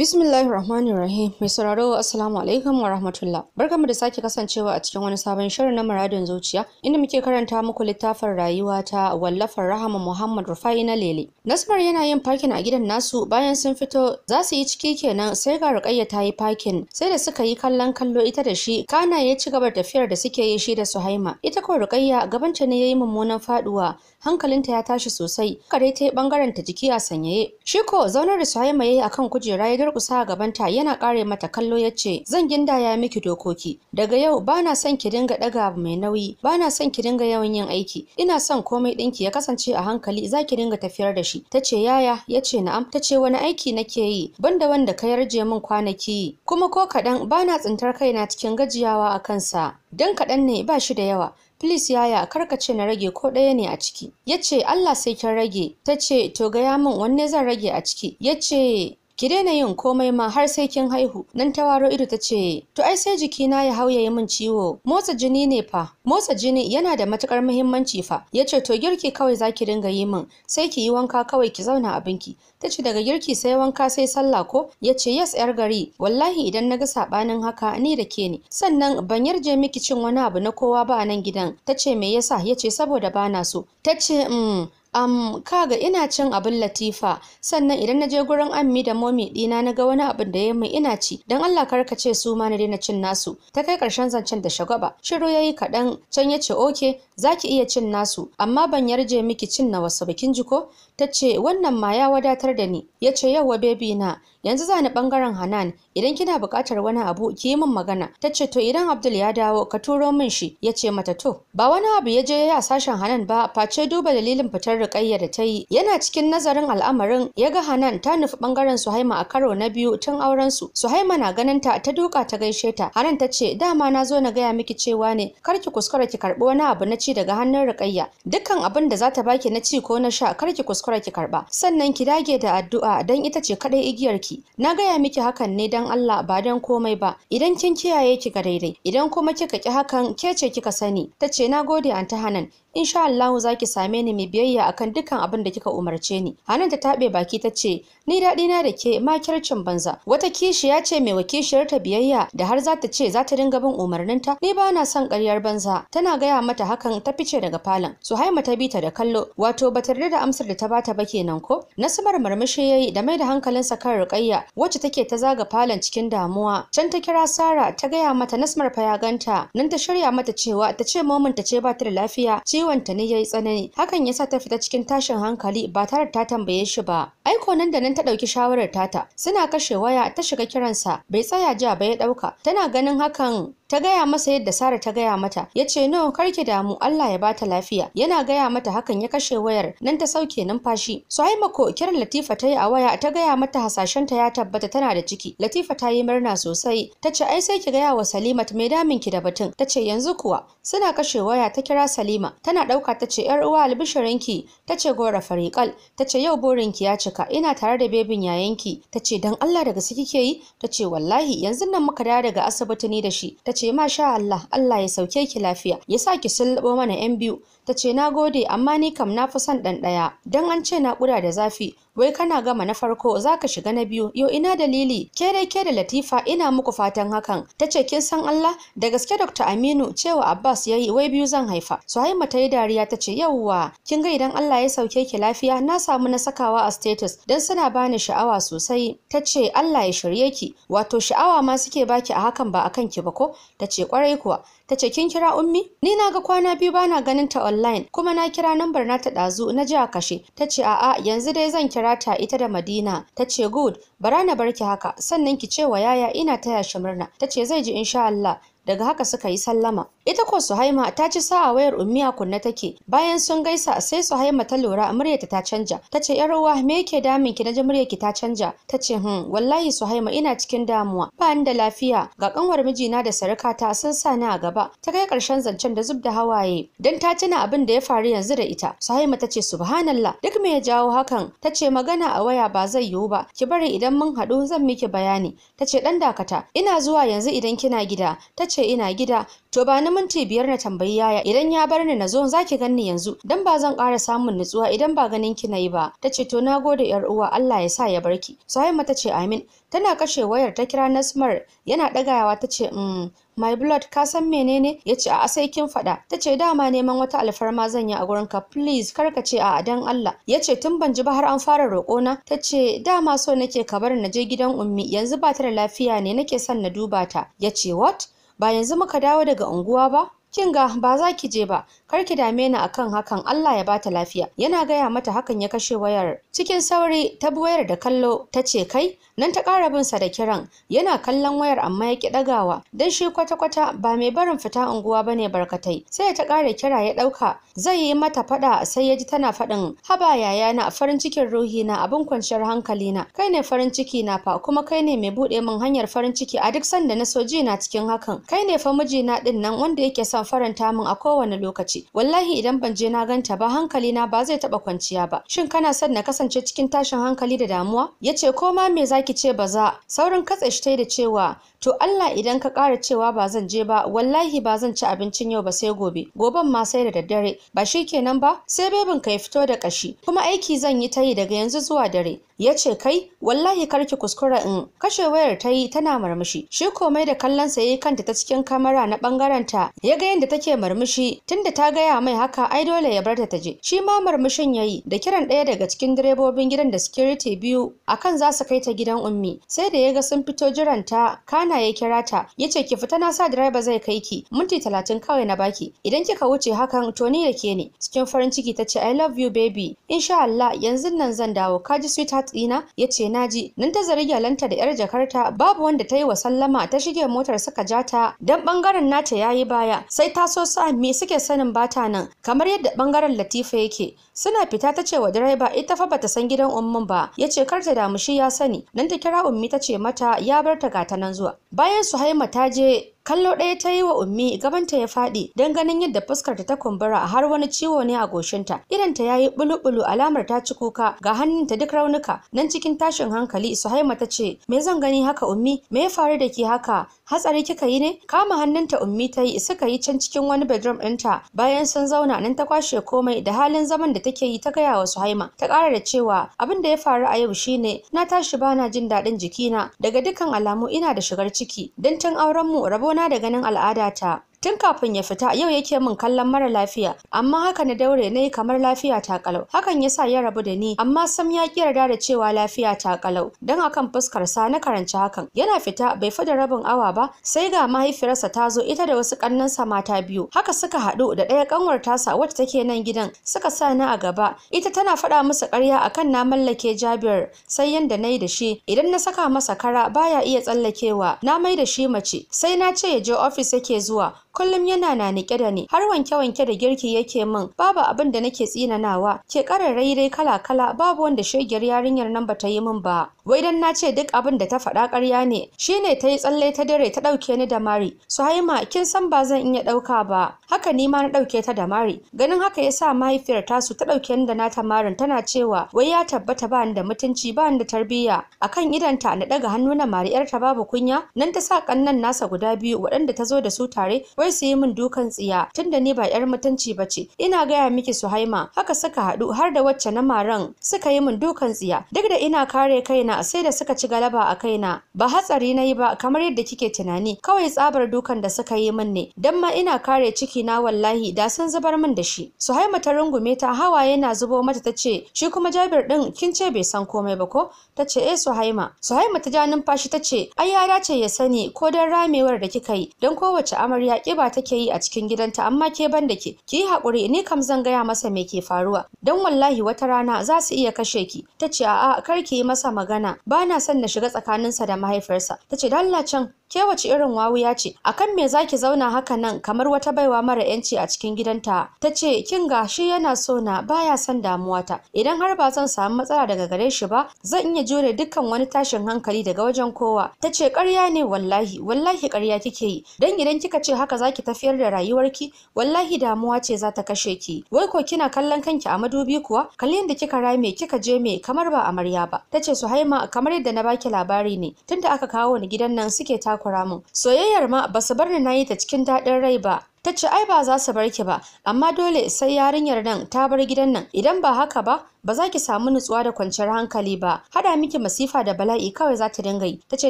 Bismillahir Rahmanir Rahim. Mai sauraro Assalamu alaikum wa rahmatullah. Barkamu da sake kasancewa a cikin wani sabon shirin na muradin zuciya inda muke karanta muku littafin rayuwa ta wallafar Rahama Muhammad Rufai na Lele. Nasmar yana yin parking a gidan nasu bayan sun fito za su yi ciki kenan sai ga Rukayya ta yi parking sai da suka yi kallon kallo ita da shi kana ya ci gaba tafiyar da suke yi shi da Suhaima. Ita ko gaban gabanta ne yayi mummunan faduwa hankalinta ya tashi sosai. Kare ta yi bangaren ta jiki a sanyaye. Shi ko zaunar da Suhaima yayi akan kujera ya durkusa a gabanta yana kare mata kallo ya ce zan ya miki dokoki daga yau ba na son ki dinga daga abu mai nauyi ba na son ki dinga yawan yin aiki ina son komai ɗinki ya kasance a hankali za ki dinga tafiyar da shi ta ce yaya ya ce na'am ta wani aiki nake yi banda wanda ka yarje min kwanaki kuma ko kaɗan na tsintar kaina cikin gajiyawa a kansa dan kaɗan ne ba shi da yawa Please yaya ce na rage ko ɗaya ne a ciki. Ya ce Allah sai kin rage. Ta ce to gaya min wanne zan rage a ciki. Ya ce ki daina yin komai ma har sai kin haihu nan ta waro ido ta ce to ai sai jiki na ya yi min ciwo motsa jini ne fa motsa jini yana da matukar muhimmanci fa yace to girki kawai zaki dinga yi min sai ki yi wanka kawai ki zauna a binki tace daga girki sai wanka sai sallah ko yace yes yar gari wallahi idan naga sabanin haka ni da ke ne sannan ban yarje miki cin wani abu na kowa ba nan gidan tace me yasa yace saboda bana so tace mm Um, kaga ina cin abin latifa sannan idan na je gurin ammi da momi dina na ga wani abin da ya mai ina ci dan Allah karka ce su ma na daina cin nasu ta kai karshen zancen da shagwaba shiru yayi kaɗan can ya ce oke zaki iya cin nasu amma ban yarje miki cin na wasu bakin jiko ta ce wannan ma ya wadatar da ni ya ce yauwa bebi na yanzu za ni bangaren hanan idan kina bukatar wani abu ki yi min magana ta ce to idan abdul ya dawo ka turo min shi ya ce mata to ba wani abu ya je ya sashen hanan ba face duba dalilin fitar rikayya da ta yi yana cikin nazarin al'amarin ya ga hanan ta nufi bangaren suhaima a karo na biyu tun auren su suhaima na ganin ta ta duka ta gaishe ta hanan ta ce dama na zo na gaya miki cewa ne kar ki kuskura ki karɓi wani abu na ci daga hannun rikayya dukkan abin da za ta baki na ci ko na sha kar ki kuskura kuskura ki karba sannan ki dage da addu'a dan ita ce kadai igiyar ki na gaya miki hakan ne dan Allah ba dan komai ba idan kin kiyaye ki ga daidai idan kuma kika ki hakan ke ce kika sani tace nagode anta hanan insha Allah za same ni mai biyayya akan dukkan abin da kika umarce ni hanan ta tabe baki ta ce ni daɗi na da ke makircin banza wata kishi ya ce mai wakishiyar ta biyayya da har za ta ce za ta dinga bin umarninta ni ba na son ƙaryar banza tana gaya mata hakan ta fice daga falon Suhaima ta bi ta da kallo wato ba ta da amsar da ta bata ba kenan ko Nasmar murmushi yayi da mai da hankalinsa kan Ruqayya wacce take ta zaga falon cikin damuwa can ta kira Sara ta gaya mata Nasmar fa ya ganta nan ta shirya mata cewa ta ce momin ta ce ba ta da lafiya ci ciwon ta ne yi tsanani hakan yasa ta fita cikin tashin hankali ba tare ta tambaye shi ba aiko nan da nan ta ɗauki shawarar tata suna kashe waya ta shiga kiransa bai tsaya jiya ba ya ɗauka? tana ganin hakan ta gaya masa yadda Sara ta gaya mata ya ce no karki damu Allah ya bata lafiya yana gaya mata hakan ya kashe wayar nan ta sauke numfashi Su haimako, kiran Latifa ta yi a waya ta gaya mata hasashenta ya tabbata tana da ciki Latifa ta yi murna sosai ta ce ai sai ki gaya wa Salimat me damin ki da batun ta ce yanzu kuwa suna kashe waya ta kira Salima tana ɗauka ta ce ‘yar uwa albishirinki ta ce gora fariƙal ta ce yau borinki ya cika ina tare da bebin yayanki ta ce don Allah daga gaske kike yi ta ce wallahi yanzu nan muka dawo daga asibiti ni da shi ta ce masha Allah Allah ya sauke ki lafiya ya sa ki sullubo mana yan biyu ta ce na gode amma ni kam na fi son ɗan ɗaya don an ce naƙuda da zafi wai kana gama na farko za ka shiga na biyu yau ina dalili ke dai ke da latifa ina muku fatan hakan ta ce kin san Allah da gaske Dr. Aminu cewa Abbas yayi wai biyu zan haifa Suhaima ta yi dariya ta ce yauwa kin ga idan Allah ya sauke ki lafiya na samu na sakawa a status dan suna bani sha'awa sosai ta ce Allah ya shirye ki wato sha'awa ma suke baki a hakan ba akan ki ba ko ta ce kwarai kuwa ta ce kin kira ummi ni na ga kwana biyu bana ganin ta online kuma na kira nambar na ta ɗazu na ji a kashe ta ce a'a yanzu dai zan kira ta ita da madina ta ce good bara na barki haka sannan ki ce wa yaya ina taya shi murna ta ce zai ji insha Allah daga haka suka yi sallama Ita ko Suhaima ta ci sa'a wayar Ummiya kunna take. Bayan sun gaisa sai Suhaima ta lura muryarta ta canja. Ta ce yar uwa me yake damin ki naji muryarki ta canja. Ta ce hmm wallahi Suhaima ina cikin damuwa. Ba ni da lafiya ga kanwar mijina da sarakata sun sa ni a gaba. Ta kai karshen zancen da zub da hawaye. Dan ta tuna abin da ya faru yanzu da ita. Suhaima ta ce subhanallah duk me ya jawo hakan. Ta ce magana a waya ba zai yiwu ba. Ki bari idan mun haɗu zan miki bayani. Ta ce dan dakata ina zuwa yanzu idan kina gida. Ta ina gida. To ba wani minti biyar na tambayi yaya idan ya bar ni na zo zaki ganni yanzu dan ba zan ƙara samun nutsuwa idan ba ganin ki nayi ba tace to gode yar uwa Allah ya sa ya barki Suhaima ta ce amin tana kashe wayar ta kira Nasmar yana dagayawa tace mm my blood ka san menene yace a sai kin faɗa tace dama neman wata alfarma zan yi a gurin ka please kar ce a dan Allah yace tun ban ji ba har an fara roƙo na tace dama so nake ka bar na je gidan ummi yanzu ba ta da lafiya ne nake son na duba ta yace what ba yanzu muka dawo daga unguwa ba kin ga ba za ki je ba kar ki dame ni akan hakan Allah ya bata lafiya yana gaya mata hakan ya kashe wayar cikin sauri ta buwayar da kallo ta ce kai nan ta ƙara bin sa da kiran yana kallon wayar amma ya ki ɗagawa dan shi kwata-kwata ba mai barin fita unguwa bane barkatai sai ta ƙara kira ya ɗauka zai yi mata faɗa sai ya ji tana faɗin haba yaya na farin cikin ruhi na abin kwanciyar hankali na kai ne farin ciki na fa kuma kai ne mai buɗe min hanyar farin ciki a duk sanda na so ji na cikin hakan kai ne fa mijina ɗin nan wanda yake son faranta min a kowane lokaci wallahi idan ban je na ganta ba hankali na ba zai taba kwanciya ba shin kana son na kasance cikin tashin hankali da damuwa yace ko ma me zaki ce ba za saurin katse shi da cewa to Allah idan ka ƙara cewa ba zan je ba wallahi ba zan ci abincin yau ba sai gobe goben ma sai da daddare ba shi kenan ba sai bebin ka ya fito da kashi kuma aiki zan yi ta daga yanzu zuwa dare ya ce kai wallahi karki kuskura in kashe wayar ta yi tana marmushi. shi komai da kallon sa yayi kanta ta cikin kamera na bangaren ta ya ga yadda take marmushi. tunda ta gaya mai haka ai dole ya bar ta taje shi ma marmushin yayi da kiran ɗaya daga cikin direbobin gidan da security biyu akan za su kai ta gidan ummi sai da ya ga sun fito jiran ta kan ana ya kira ta yace ki fita na sa direba zai kai ki minti talatin kawai na baki idan kika wuce hakan to ni da ke ne cikin farin ciki ta ce i love you baby insha Allah yanzu nan zan dawo ka ji sweetheart ɗina yace ji nan ta zari lanta da yar jakarta babu wanda ta yi wa sallama ta shige motar suka ja ta dan bangaren nata ya yi baya sai ta so sa me suke sanin bata nan kamar yadda bangaren Latifa yake suna fita ta ce wa direba ita fa bata san gidan ummin ba yace kar ta damu shi ya sani nan ta kira ummi ta ce mata ya bar ta gata nan zuwa bayan suhaima ta je kallo ɗaya ta yi wa ummi gabanta ya faɗi don ganin yadda fuskar ta kumbura har wani ciwo ne a goshinta idan ta yayi bulu-bulu alamar ta ci kuka ga hannunta duk raunuka nan cikin tashin hankali suhaima ta ce me zan gani haka ummi me ya faru da ke haka hatsari kika yi ne kama hannunta ummi ta yi suka yi can cikin wani bedroom ɗinta bayan sun zauna nan ta kwashe komai da halin zaman da take yi ta gaya wa suhaima ta ƙara da cewa abin da ya faru a yau shine na tashi bana jin daɗin jikina daga dukkan alamu ina da shigar ciki don tun auren mu rabo na da ganin al'adata. tun kafin ya fita yau yake min kallon mara lafiya amma haka na daure nayi kamar lafiya ta kalau hakan ya sa ya rabu da ni amma sam ya ki yarda da cewa lafiya ta kalau dan akan fuskar sa na karanci hakan yana fita bai fada rabin awa ba sai ga mahaifiyarsa ta zo ita da wasu sa mata biyu haka suka haɗu da ɗaya kanwar tasa wacce take nan gidan suka sa ni a gaba ita tana faɗa musu ƙarya akan na mallake Jabir sai yanda yi da shi idan na saka masa kara baya iya tsallakewa na mai da shi mace sai na ce ya je ofis yake zuwa kullum yana na nike da ni har wanke wanke da girki yake min babu abin da nake tsinanawa ke kararrai dai kala kala babu wanda shegiyar yarinyar nan bata yi min ba wai dan nace duk abin da ta faɗa ƙarya ne shine tayi tsalle ta dare ta ɗauke ni da mari Suhaima kin san ba zan iya ɗauka ba haka ni ma na ɗauke ta da mari ganin haka yasa mahaifiyar su ta ɗauke ni da nata marin tana cewa wai ya tabbata ba ni da mutunci ba ni da tarbiyya akan idanta na ɗaga hannu na mari ta babu kunya nan ta sa kannan nasa guda biyu waɗanda ta zo da su tare wai su yi min dukan tsiya tunda ni ba yar mutunci ce. ina gaya miki Suhaima haka suka haɗu har da wacce na maran suka yi min dukan tsiya duk da ina kare kaina sai da suka ci galaba a kaina ba hatsari na yi ba kamar yadda kike tunani kawai tsabar dukan da suka yi min ne dan ma ina kare ciki na wallahi da sun zubar min da shi Suhaima ta rungume ta hawaye na zubo mata tace shi kuma Jabir din kin ce bai san komai ba ko tace eh Suhaima Suhaima ta ja numfashi ce, ai ya dace ya sani ko don ramewar da kika yi Don kowace amarya Ƙiba take yi a cikin gidanta amma ke banda ke ki yi haƙuri ni kam zan gaya masa me ke faruwa dan wallahi wata rana za su iya kashe ki tace a'a kar ki yi masa magana ba na son na shiga tsakaninsa da mahaifiyarsa tace ce dalla can ke wace irin wawuya ce akan me zaki zauna haka nan kamar wata baiwa mara yanci a cikin gidanta ta ce kin ga shi yana so na baya son damuwata idan har ba zan samu matsala daga gare shi ba zan iya jure dukkan wani tashin hankali daga wajen kowa ta ce ƙarya ne wallahi wallahi ƙarya kike yi dan idan kika ce haka zaki tafiyar da rayuwarki wallahi damuwa ce za ta kashe ki wai ko kina kallon kanki a madubi kuwa kalli da kika rame kika je me kamar ba amarya ba ta ce suhaima kamar yadda na baki labari ne tunda aka kawo ni gidan nan suke ta takura mun soyayyar ma ba su bar ni na yi ta cikin daɗin rai ba ta ce ai ba za su bar ki ba amma dole sai yarinyar nan ta bar gidan nan idan ba haka ba ba za ki samu nutsuwa da kwanciyar hankali ba hada miki masifa da bala'i kawai za ta dinga yi tace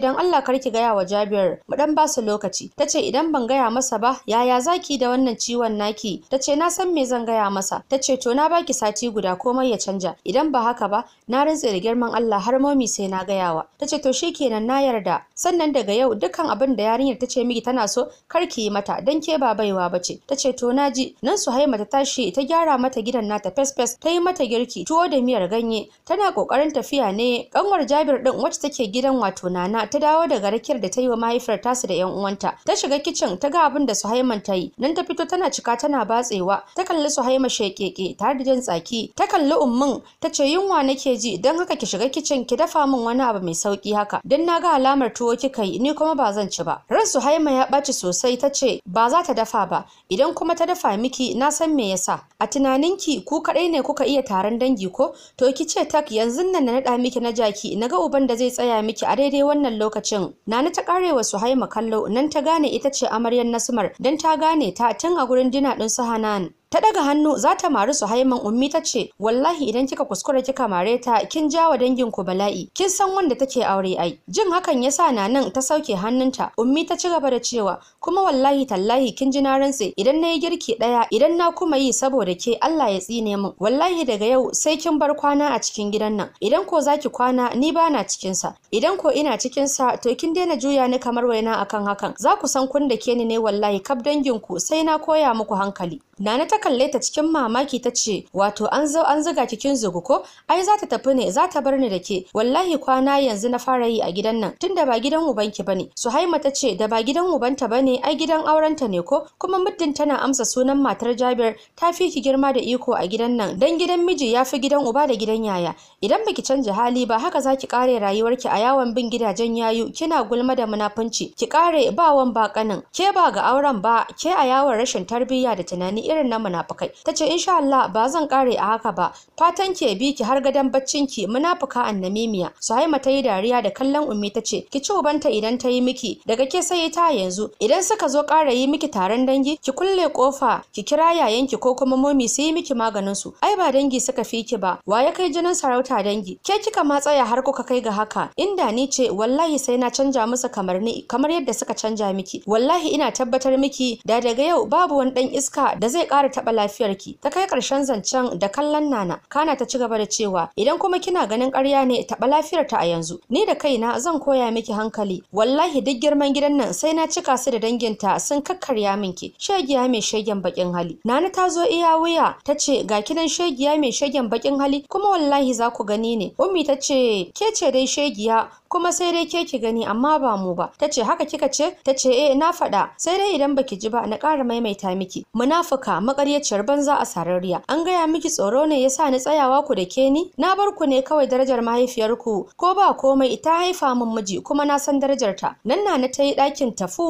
dan Allah kar ki gaya wa Jabir mu dan ba su lokaci tace idan ban gaya masa ba yaya zaki da wannan ciwon naki tace na san me zan gaya masa tace to na baki sati guda komai ya canja idan ba haka ba na rantse da girman Allah har momi sai na gayawa tace to shi kenan na yarda sannan daga yau dukkan abin da yarinyar ce miki tana so kar ki yi mata dan ke ba baiwa bace tace to na ji. nan su Suhaima ta tashi ta gyara mata gidan nata fesfes ta yi mata girki tuwo tuwo da miyar ganye tana kokarin tafiya ne kanwar Jabir din wacce take gidan wato Nana ta dawo daga rakiyar da ta yi wa mahaifiyar su da yan uwanta ta shiga kicin ta ga abin da Suhaiman ta yi nan ta fito tana cika tana batsewa ta kalli Suhaima shekeke tare da jin tsaki ta kalli ummin ta ce yunwa nake ji don haka ki shiga kicin ki dafa min wani abu mai sauki haka dan na ga alamar tuwo kika yi ni kuma ba zan ci ba ran Suhaima ya ɓaci sosai ta ce ba za ta dafa ba idan kuma ta dafa miki na san me yasa a tunaninki ku kaɗai ne kuka iya taron dangi ko to ki ce tak yanzu nan na naɗa miki na jaki na ga uban da zai tsaya miki a daidai wannan lokacin nana ta karewa suhaima kallo nan ta gane ita ce amaryar nasmar dan ta gane ta tun a gurin dina din su hanan ta daga hannu za ta mari haiman Ummi ta ce wallahi idan kika kuskura kika mare ta kin ja wa dangin ku bala'i kin san wanda take aure ai jin hakan yasa Nanan ta sauke hannunta Ummi ta ci gaba da cewa kuma wallahi tallahi kin ji na rantse idan na yi girki daya idan na kuma yi saboda ke Allah ya tsine min wallahi daga yau sai kin bar kwana a cikin gidan nan idan ko zaki kwana ni bana cikin sa idan ko ina cikin sa to kin daina juya ni kamar waina akan hakan za ku san kun da ke ni ne wallahi kab dangin ku sai na koya muku hankali Nana ta kalle ta cikin mamaki ta ce, "Wato an zo an zuga kikin zugu ko? Ai za ta tafi ne, za ta bar ni da ke. Wallahi kwana yanzu na fara yi a gidan nan, tunda ba gidan ubanki bane." Suhaima ta ce, "Da ba gidan ubanta bane, ai gidan aurenta ne ko?" Kuma muddin tana amsa sunan matar Jabir, ta fi ki girma da iko a gidan nan, dan gidan miji ya fi gidan uba da gidan yaya. Idan baki canja hali ba, haka zaki ki kare rayuwarki a yawon bin gidajen yayu, kina gulma da munafunci, ki kare bawan ba kanin. Ke ba ga auren ba, ke a yawon rashin tarbiyya da tunani irin na munafukai tace insha Allah ba zan kare a haka ba fatan ki bi ki har gadan baccin ki munafuka annamimiya Suhaima ta yi dariya da kallon Ummi tace ki ci ubanta idan ta yi miki daga ke sai ta yanzu idan suka zo kare yi miki taron dangi ki kulle kofa ki kira yayanki ko kuma momi su yi miki maganin su ai ba dangi suka fi ki ba wa ya kai jinin sarauta dangi ke kika ma tsaya har kuka kai ga haka inda ni ce wallahi sai na canja musu kamar ni kamar yadda suka canja miki wallahi ina tabbatar miki da daga yau babu wani dan iska da zai zai ƙara taɓa ki, ta kai ƙarshen zancen da kallon nana kana ta ci gaba da cewa idan kuma kina ganin ƙarya ne taɓa lafiyar ta a yanzu ni da kaina zan koya miki hankali wallahi duk girman gidan nan sai na cika su da danginta sun kakkarya minki shegiya mai shegen bakin hali nana ta zo iya wuya ta ce ga kidan shegiya mai shegen bakin hali kuma wallahi za ku gani ne ummi ta ce ke ce dai shegiya kuma sai dai ke ki gani amma ba mu ba tace haka kika ce tace eh na faɗa sai dai idan baki ji ba na ƙara maimaita miki munafuka makaryaciyar banza a sarariya an gaya miki tsoro ne yasa ni tsayawa ku da ke ni na bar ku ne kawai darajar mahaifiyarku ko ba komai ita haifa min miji kuma na san darajar ta nan na ta yi ɗakin tafu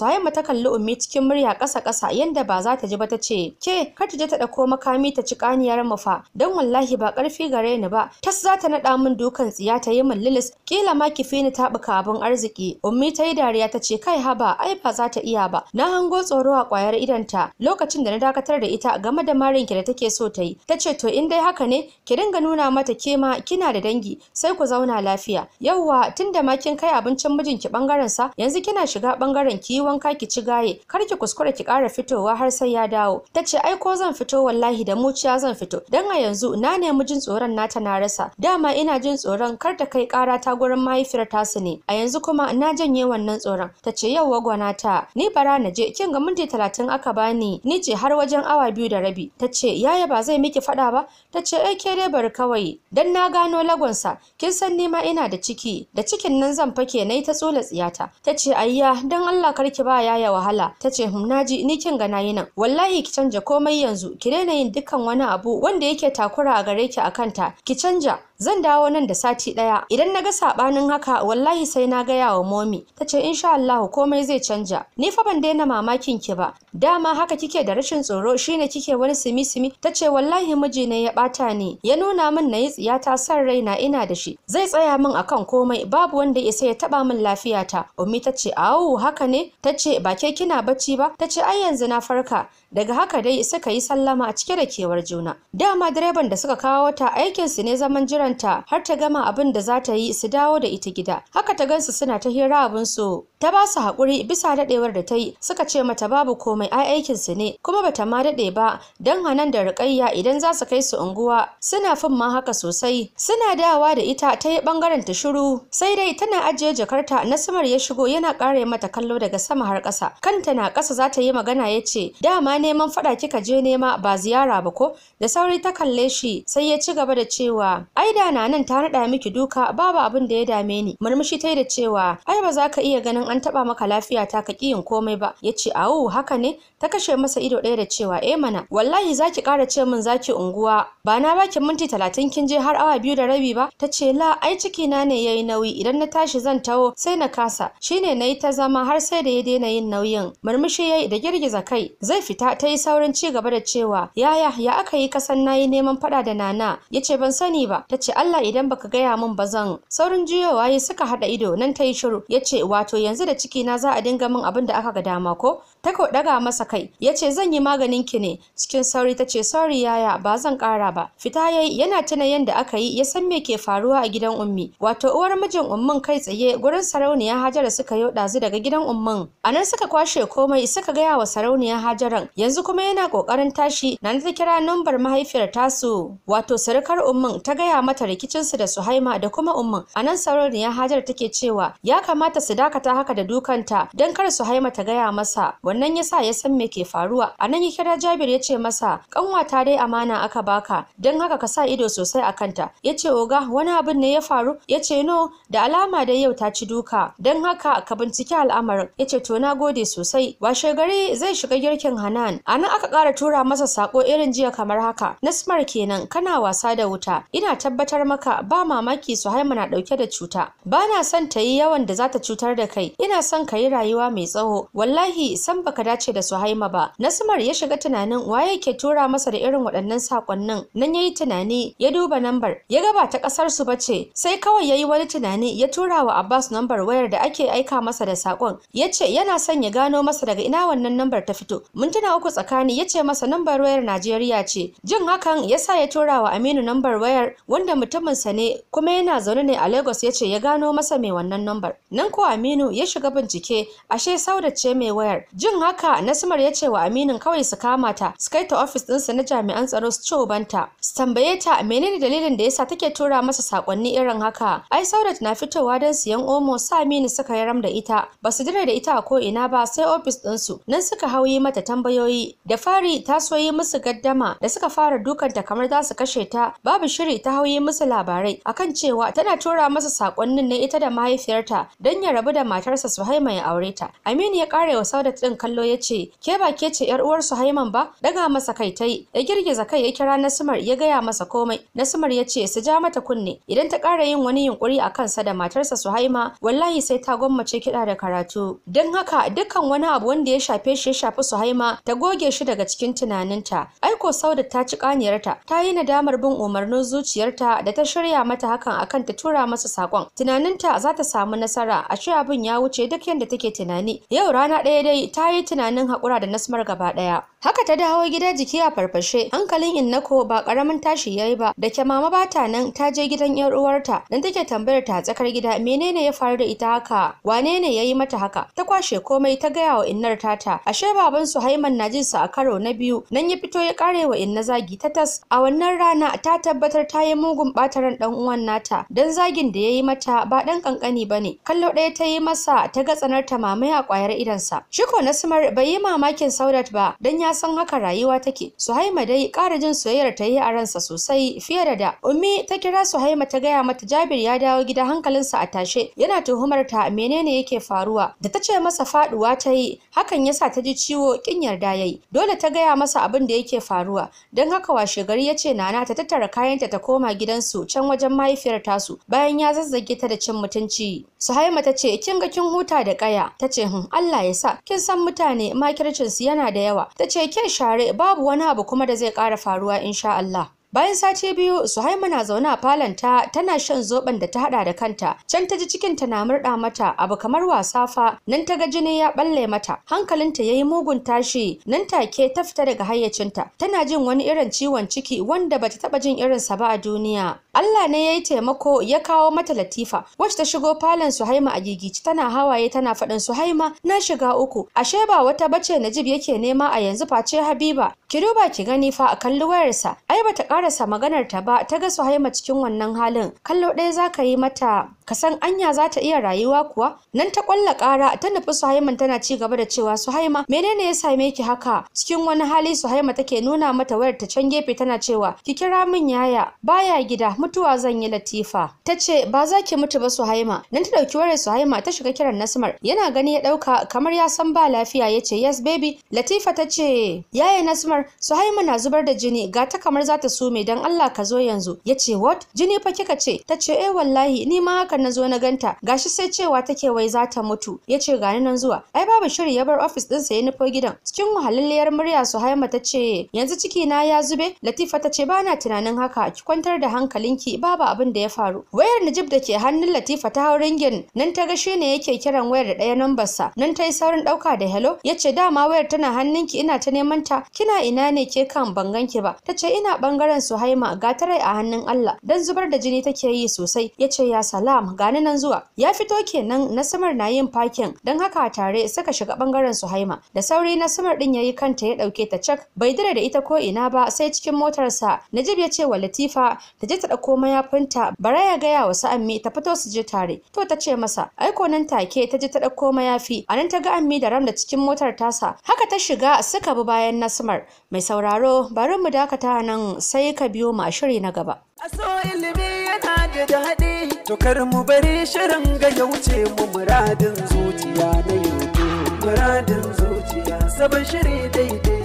Suhaima ta kalli ummi cikin murya ƙasa ƙasa yanda ba za ta ji ba ta ce ke ka ta je ta ɗauko makami ta ci ƙaniyar mu fa dan wallahi ba ƙarfi gare ni ba tas za ta naɗa min dukan tsiya ta yi min lilis kila Kila ma ki fi ni taɓuka abin arziki. Ummi ta yi dariya ta ce kai haba ai ba za ta iya ba. Na hango tsoro a ƙwayar idanta lokacin da na dakatar da ita game da marin ki da take so ta yi. Ta ce to in dai haka ne ki dinga nuna mata ke ma kina da dangi sai ku zauna lafiya. Yawwa da ma kin kai abincin mijin ki bangaren sa yanzu kina shiga bangaren ki wanka ki ci gaye kar ki kuskura ki ƙara fitowa har sai ya dawo. Ta ce ai ko zan fito wallahi da muciya zan fito dan a yanzu na nemi jin tsoron nata na rasa. Dama ina jin tsoron kar ta kai ƙara ta gurin tsoron mahaifiyar su ne a yanzu kuma na janye wannan tsoron ta ce yau gwana ta ni bara na je kin ga minti talatin aka bani ni ce har wajen awa biyu da rabi ta ce yaya ba zai miki faɗa ba ta ce ai eh, ke dai bari kawai dan na gano lagonsa kin san ni ma ina da ciki da cikin nan zan fake nayi ta tsola tsiyata ta ce ayya dan Allah karki ba yaya wahala ta ce hum naji ni kin ga nayi nan wallahi ki canja komai yanzu ki daina yin dukkan wani abu wanda yake takura a gare ki akanta ki canja zan dawo nan da sati ɗaya idan na ga saɓanin haka wallahi sai na gaya wa momi ta ce insha Allah komai zai canja ni fa ban daina mamakin ki ba dama haka kike da rashin tsoro shine kike wani simi simi ta ce wallahi miji ne ya ɓata ne. ya nuna min na yi tsiyata san na ina da shi zai tsaya min akan komai babu wanda ya sai ya taɓa min lafiyata ummi ta ce awu haka ne ta ce ba ke kina bacci ba ta ce ai yanzu na farka daga haka dai suka yi sallama a cike da kewar juna dama direban da suka kawo wata aikin su ne zaman jiranta har ta gama abin da za ta yi su dawo da ita gida haka ta gansu suna ta hira abin su ta ba su haƙuri bisa daɗewar da ta yi suka ce mata babu komai ai aikin su ne kuma bata ma daɗe ba don hanan da riƙayya idan za su kai su unguwa suna fin ma haka sosai suna dawa da ita ta yi ɓangaren ta shiru sai dai tana ajiye jakarta na samar ya shigo yana ƙare mata kallo daga sama har ƙasa kanta na ƙasa za ta yi magana ya ce dama neman faɗa kika je nema ba ziyara ba ko da sauri ta kalle shi sai ya ci gaba da cewa ai da na nan ta naɗa miki duka babu abin da ya dame ni murmushi ta yi da cewa ai ba za ka iya ganin an taɓa maka lafiya ta ka ƙi yin komai ba ya ce awo haka ne ta kashe masa ido ɗaya da cewa eh mana wallahi zaki kara ce min zaki unguwa ba na baki minti talatin kin je har awa biyu da rabi ba ta ce la ai ciki na ne yayi nauyi idan na tashi zan taho sai na kasa shine nayi ta zama har sai da ya daina yin nauyin murmushi yayi da girgiza kai zai fita ta yi saurin ci gaba da cewa yaya ya aka yi kasan nayi neman faɗa da nana yace ban sani ba ta ce Allah idan baka gaya min ba zan saurin juyowa ya suka haɗa ido nan ta yi shiru yace wato yanzu da ciki na za a dinga min abin da aka ga dama ko ta ɗaga masa kai ya ce zan yi maganin ki ne cikin sauri ta ce sorry yaya ba zan ƙara ba fita yayi yana tuna yadda aka yi ya san me ke faruwa a gidan ummi wato uwar mijin ummin kai tsaye gurin sarauniya hajara suka yi ɗazu daga gidan ummin a nan suka kwashe komai suka gaya wa sarauniya hajaran yanzu kuma yana kokarin tashi na ta kira nambar mahaifiyar tasu wato sarkar ummin ta gaya mata rikicinsu da suhaima da kuma ummin a nan sarauniya hajar take cewa ya kamata su dakata haka da dukanta don kar suhaima ta gaya masa wannan yasa ya san me ke faruwa a nan ya kira Jabir ya ce masa kanwata dai amana aka baka don haka ka sa ido sosai a kanta ya ce oga wani abin ne ya faru ya ce no da alama dai yau ta ci duka don haka ka binciki al'amarin ya ce to na gode sosai washe gari zai shiga girkin Hanan a nan aka ƙara tura masa sako irin jiya kamar haka Nasmar kenan kana wasa da wuta ina tabbatar maka ba mamaki su haima na ɗauke da cuta ba na son ta yi yawan da za ta cutar da kai ina son ka yi rayuwa mai tsawo wallahi san baka dace da Suhaima ba Nasmar ya shiga tunanin waye ke tura masa da irin waɗannan sakonnin nan yayi tunani ya duba nambar ya ga ba ta kasar su bace sai kawai yayi wani tunani ya tura wa Abbas nambar wayar da ake aika masa da sakon yace yana son ya gano masa daga ina wannan nambar ta fito mintuna uku tsakani yace masa nambar wayar Najeriya ce jin hakan yasa ya tura wa Aminu nambar wayar wanda mutumin sa ne kuma yana zaune ne a Lagos yace ya gano masa mai wannan nambar nan ko Aminu ya shiga bincike ashe Sauda ce mai wayar jin haka nasmar ya ce wa aminin kawai su kama ta su kai ta ofis ɗinsa na jami'an tsaro su ci ubanta su tambaye ta menene dalilin da yasa take tura masa sakonni irin haka ai saudat na fitowa don siyan omo sa aminu suka yaram da ita ba su dire da ita a ko ina ba sai ofis ɗinsu nan suka hauyi mata tambayoyi da fari ta so yi musu gaddama da suka fara dukanta kamar za su kashe ta babu shiri ta hauyi musu labarai akan cewa tana tura masa sakonnin ne ita da mahaifiyarta don ya rabu da matarsa su haima ya aure ta Aminu ya kare wa Saudat din kallo ya ce ke ba ke ce yar uwar Suhaiman ba daga masa kai ta yi ya girgiza kai ya kira Nasmar ya gaya masa komai Nasmar ya ce su ja mata kunne idan ta kara yin wani yunkuri a kansa da matarsa Suhaima wallahi sai ta gwammace kiɗa da karatu don haka dukkan wani abu wanda ya shafe shi ya shafi Suhaima ta goge shi daga cikin tunaninta aiko Sauda ta ci kaniyarta ta yi nadamar bin umarnin zuciyarta da ta shirya mata hakan akan ta tura masa sakon tunaninta za ta samu nasara a abin ya wuce duk yadda take tunani yau rana ɗaya dai ta ta yi tunanin haƙura da Nasmar gaba ɗaya. haka ta dawo gida jiki a farfashe hankalin innako ba karamin tashi yayi ba da ke mama bata nan ta je gidan yar uwarta dan take tambayar ta tsakar gida menene ya faru da ita haka wane ne yayi mata haka ta kwashe komai ta gaya wa innar tata ashe baban su Haiman na jin a karo na biyu nan ya fito ya kare wa inna zagi ta tas a wannan rana ta tabbatar ta yi mugun bataran ɗan uwan nata dan zagin da yayi mata ba dan kankani bane kallo ɗaya ta yi masa ta ga tsanar ta mamaya kwayar idansa shiko na sumar bai yi mamakin saudat ba dan ya san haka rayuwa take suhaima dai ƙara jin soyayyar ta yi a ransa sosai fiye da da ummi ta kira suhaima ta gaya mata jabir ya dawo gida hankalinsa a tashe yana tuhumar ta menene yake faruwa da ta ce masa faduwa ta yi hakan yasa ta ji ciwo kin yarda yayi dole ta gaya masa abin da yake faruwa don haka washe gari ya ce nana ta tattara kayanta ta koma gidansu can wajen mahaifiyar tasu bayan ya zazzage ta da cin mutunci suhaima ta ce kin ga kin huta da kaya ta ce Allah ya sa kin san mutane makircinsu su yana da yawa ta ce ce share babu wani abu kuma da zai ƙara faruwa insha Allah. Bayan sati biyu, Suhaima na zaune a falonta tana shan zoben da ta hada da kanta. Can ta ji ta na murɗa mata abu kamar wasa fa, nan ta ga jini ya balle mata. Hankalinta yayi mugun tashi, nan take ta fita daga hayyacinta. Tana jin wani irin ciwon ciki wanda bata taba jin irinsa ba a duniya. Allah ne ya yi taimako ya kawo mata Latifa wacce ta shigo falon Suhaima a gigici tana hawaye tana faɗin Suhaima na shiga uku ashe ba wata bace Najib yake nema a yanzu face Habiba ki duba ki gani fa a kalli wayarsa ai bata karasa maganar ta ba ta ga Suhaima cikin wannan halin kallo ɗaya zaka yi mata ka san anya za ta iya rayuwa kuwa nan ta kwalla ƙara ta nufi Suhaiman tana ci gaba da cewa Suhaima menene ya same ki haka cikin wani hali Suhaima take nuna mata wayar ta can gefe tana cewa ki kira min yaya baya gida mutuwa zan yi latifa ta ce ba za ki mutu ba suhaima nan ta ɗauki wayar suhaima ta shiga kiran nasmar yana gani ya ɗauka kamar ya san ba lafiya ya ce yes baby latifa ta ce yaya nasmar suhaima na zubar da jini ga ta kamar za ta sume don allah ka zo yanzu ya ce what jini fa kika ce ta ce eh wallahi ni ma haka na zo na ganta gashi sai cewa take wai za ta mutu ya ce gani nan zuwa ai babu shiri ya bar ofis ɗinsa ya nufo gidan cikin wahalalliyar murya suhaima ta ce yanzu ciki na ya zube latifa ta ce ba na tunanin haka ki kwantar da hankalin ki babu abin da ya faru wayar Najib da ke hannun Latifa ta hau ringin nan ta ga shi ne yake kiran wayar da ɗaya nambar sa nan ta yi saurin ɗauka da hello yace dama wayar tana hannunki ina ta neman ta kina ina ne ke kan bangan ki ba tace ina bangaren Suhaima ga a hannun Allah dan zubar da jini take yi sosai yace ya salam gani nan zuwa ya fito kenan na samar na yin fakin don haka tare suka shiga bangaren Suhaima da sauri na samar din yayi kanta ya dauke ta cak bai dira da ita ko ina ba sai cikin motarsa Najib ya ce wa Latifa ta je ta dauko ya mayafinta bara ya gaya wa ammi ta fito su je tare to ta ce masa aiko nan take ta je ta ɗauko mayafi a nan ta ga ammi da ram da cikin motar tasa haka ta shiga suka bi bayan nasmar mai sauraro bari mu dakata nan sai ka biyo mu a shiri na gaba aso ilimi yana da daɗi to kar mu bari shirin ga ya wuce mu muradin zuciya na yau muradin zuciya sabon shiri daidai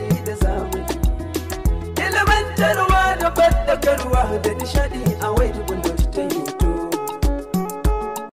ilmantarwa da fadakarwa da nishadi a wai